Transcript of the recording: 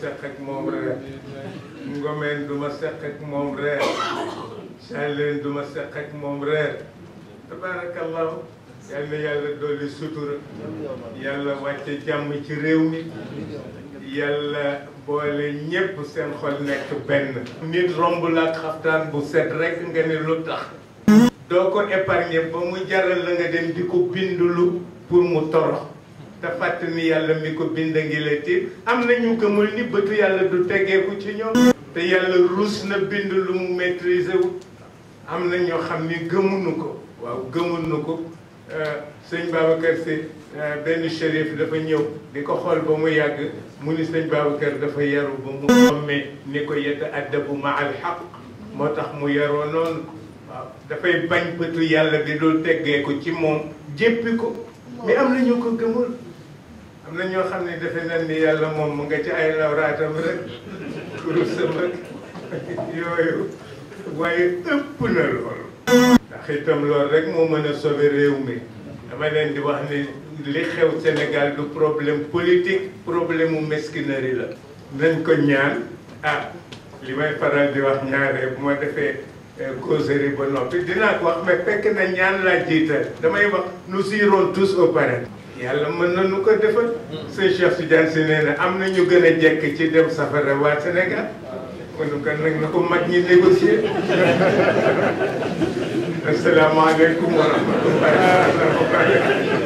seq ak moom reer ngomeen du ma seq ak moom reer saaleen du ma seq ak moom reer tabarakallahu yàlla yàlla dolli sutura yàlla wàcce jàmm ci réew mi yàlla boole ñépp seen xol nekk benn nit romb la xaftaan bu set rekk nga ne lu tax doo ko épargner ba mu jaral la nga dem di ko bindulu pour mu torox te fàtt ni yàlla mi ko bind ngi la tiim am na ñu gëmul ni bëtu yàlla du tegeeku ci ñoom te yàlla ruus na bind lu mu maîtriser wu am na ñoo xam ni gëmunu ko waaw gëmunu ko euh, sëñ Babacar si euh, benn shérif dafa ñëw di ko xool ba mu yàgg mu ni sëñ Babacar dafa yaru ba mu xammee ni ko yedd addabu ma al moo tax mu yaroo noonu waaw dafay bañ bëtu yàlla bi dul teggee ko ci moom jéppi ko mais am na ñu ko gëmul am na ñoo xam ne defe nan ni yàlla moom mu nga ci ay lawraatam rek kurusam ak yooyu waaye ëpp na lool ndax itam rek moo mën a sauver réew mi dama leen di wax ni li xew Sénégal du problème politique problème mu mesquinerie la nañ ko ñaan ah li may faral di wax ñaare bu ma defee eh, causerie ba noppi dinaa ko wax mais fekk na ñaan laa jiital damay wax nous irons tous au yàlla mën na nu ko defal. sëñ Cheikh Tidiane si nee am na ñu gën a jekk ci dem safara waa Sénégal. kon kon nag na ko mag ñi négocier. asalaamaaleykum wa rahmatulah.